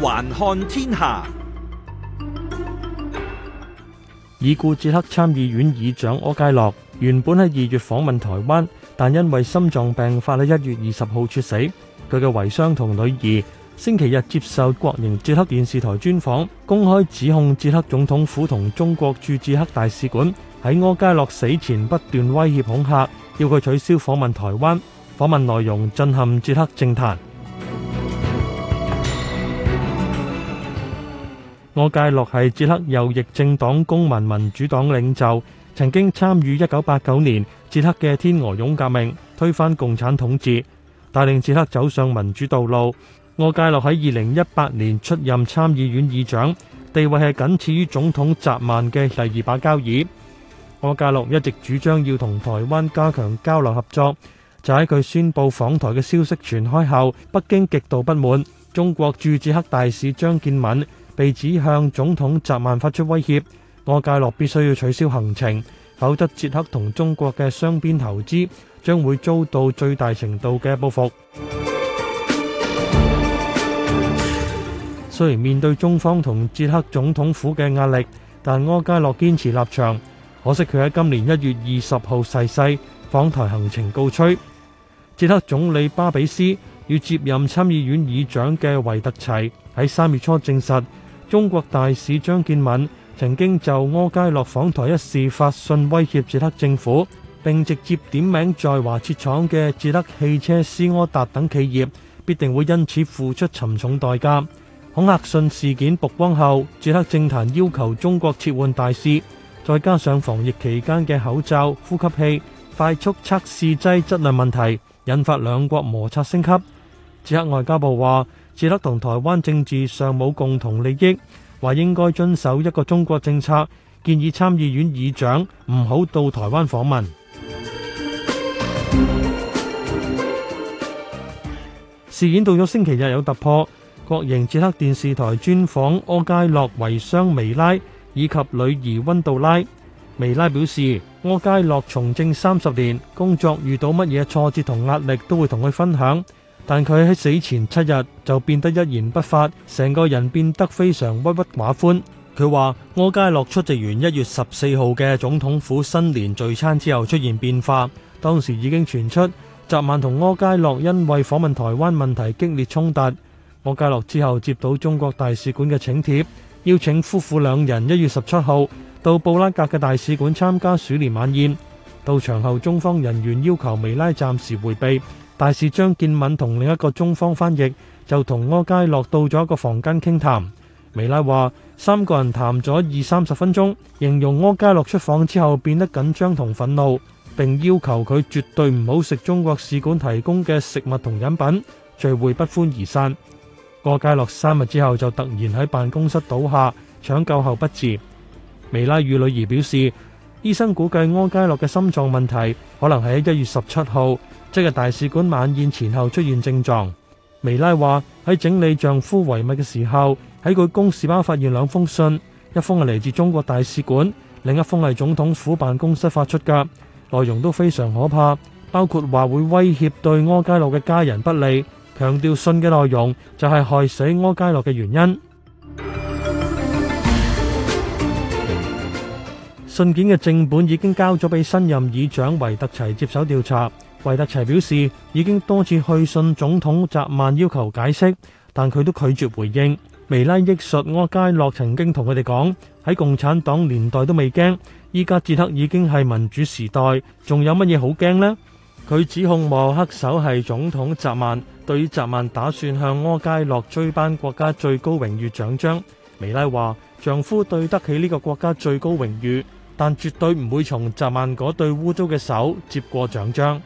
環看天下，已故捷克參議院議長柯佳洛原本喺二月訪問台灣，但因為心臟病發喺一月二十號猝死。佢嘅遺孀同女兒星期日接受國營捷克電視台專訪，公開指控捷克總統府同中國駐捷克大使館喺柯佳洛死前不斷威脅恐嚇，要佢取消訪問台灣。訪問內容震撼捷，捷克政壇。柯佳洛係捷克右翼政黨公民民主黨領袖，曾經參與一九八九年捷克嘅天鵝絨革命，推翻共產統治，帶領捷克走上民主道路。柯佳洛喺二零一八年出任參議院議長，地位係僅次於總統澤曼嘅第二把交椅。柯佳洛一直主張要同台灣加強交流合作，就喺佢宣布訪台嘅消息傳開後，北京極度不滿。中國駐捷克大使張建敏。被指向總統澤曼，發出威脅，柯佳洛必須要取消行程，否則捷克同中國嘅雙邊投資將會遭到最大程度嘅報復。 雖然面對中方同捷克總統府嘅壓力，但柯佳洛堅持立場，可惜佢喺今年一月二十號逝世，訪台行程告吹。捷克總理巴比斯要接任參議院議長嘅維特齊喺三月初證實。中國大使張建敏曾經就柯佳洛訪台一事發信威脅捷克政府，並直接點名在華設廠嘅捷克汽車斯柯達等企業，必定會因此付出沉重代價。恐嚇信事件曝光後，捷克政壇要求中國撤換大使，再加上防疫期間嘅口罩、呼吸器、快速測試劑質量問題，引發兩國摩擦升級。捷克外交部話。捷克同台灣政治上冇共同利益，話應該遵守一個中國政策，建議參議院議長唔好到台灣訪問。 事件到咗星期日有突破，國營捷克電視台專訪柯佳洛遺孀薇拉以及女兒溫杜拉。薇拉表示，柯佳洛從政三十年，工作遇到乜嘢挫折同壓力，都會同佢分享。但佢喺死前七日就變得一言不發，成個人變得非常鬱鬱寡歡。佢話，柯佳洛出席完一月十四號嘅總統府新年聚餐之後出現變化，當時已經傳出澤曼同柯佳洛因為訪問台灣問題激烈衝突。柯佳洛之後接到中國大使館嘅請帖，邀請夫婦兩人一月十七號到布拉格嘅大使館參加鼠年晚宴。到場後，中方人員要求梅拉暫時回避。大使張建敏同另一個中方翻譯就同柯佳洛到咗一個房間傾談。薇拉話三個人談咗二三十分鐘，形容柯佳洛出房之後變得緊張同憤怒，並要求佢絕對唔好食中國使館提供嘅食物同飲品。聚會不歡而散。柯佳洛三日之後就突然喺辦公室倒下，搶救後不治。薇拉與女兒表示，醫生估計柯佳洛嘅心臟問題可能喺一月十七號。即係大使館晚宴前後出現症狀，薇拉話喺整理丈夫遺物嘅時候，喺佢公事包發現兩封信，一封係嚟自中國大使館，另一封係總統府辦公室發出嘅，內容都非常可怕，包括話會威脅對柯佳洛嘅家人不利，強調信嘅內容就係害死柯佳洛嘅原因。 信件嘅正本已經交咗俾新任議長維特齊接手調查。維特齊表示已經多次去信總統澤曼要求解釋，但佢都拒絕回應。維拉憶述，柯佳洛曾經同佢哋講喺共產黨年代都未驚，依家，捷克已經係民主時代，仲有乜嘢好驚呢？佢指控莫克首係總統澤曼，對於澤曼打算向柯佳洛追頒國家最高榮譽獎章，維拉話丈夫對得起呢個國家最高榮譽，但絕對唔會從澤曼嗰對污糟嘅手接過獎章。